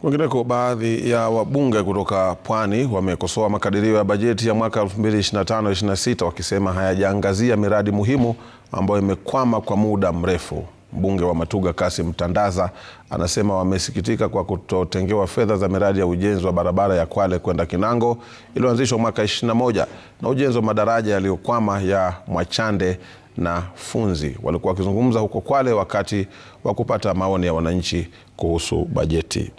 Kwingineko, baadhi ya wabunge kutoka Pwani wamekosoa makadirio ya bajeti ya mwaka 2025/26 wakisema hayajaangazia miradi muhimu ambayo imekwama kwa muda mrefu. Mbunge wa Matuga Kasim Tandaza anasema wamesikitika kwa kutotengewa fedha za miradi ya ujenzi wa barabara ya Kwale kwenda Kinango iliyoanzishwa mwaka 21 na ujenzi wa madaraja yaliyokwama ya Mwachande na Funzi. Walikuwa wakizungumza huko Kwale wakati wa kupata maoni ya wananchi kuhusu bajeti.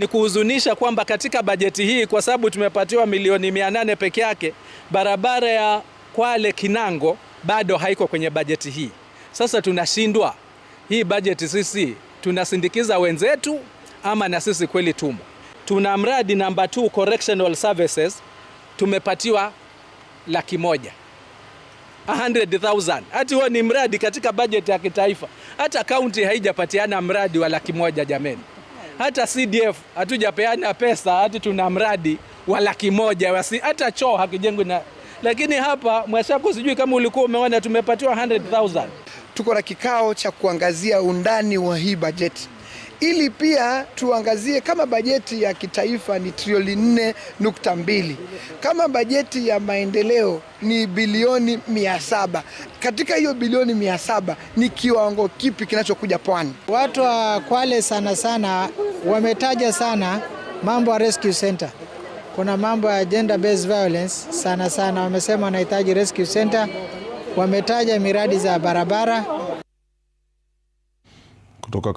ni kuhuzunisha kwamba katika bajeti hii kwa sababu tumepatiwa milioni 800 peke yake, barabara ya Kwale Kinango bado haiko kwenye bajeti hii. Sasa tunashindwa hii bajeti, sisi tunasindikiza wenzetu ama na sisi kweli tumo? Tuna mradi namba 2 correctional services tumepatiwa laki moja 100,000. Hati huo ni mradi katika bajeti ya kitaifa, hata kaunti haijapatiana mradi wa laki moja jameni hata CDF hatujapeana pesa, hata tuna mradi wa laki moja wasi, hata choo hakijengwi na, lakini hapa Mwashako sijui kama ulikuwa umeona, tumepatiwa 100,000. Tuko na kikao cha kuangazia undani wa hii bajeti ili pia tuangazie kama bajeti ya kitaifa ni trilioni 4.2, kama bajeti ya maendeleo ni bilioni mia saba katika hiyo bilioni mia saba ni kiwango kipi kinachokuja pwani? Watu wa Kwale sana sana wametaja sana mambo ya rescue center, kuna mambo ya gender based violence sana sana, wamesema wanahitaji rescue center, wametaja miradi za barabara kutoka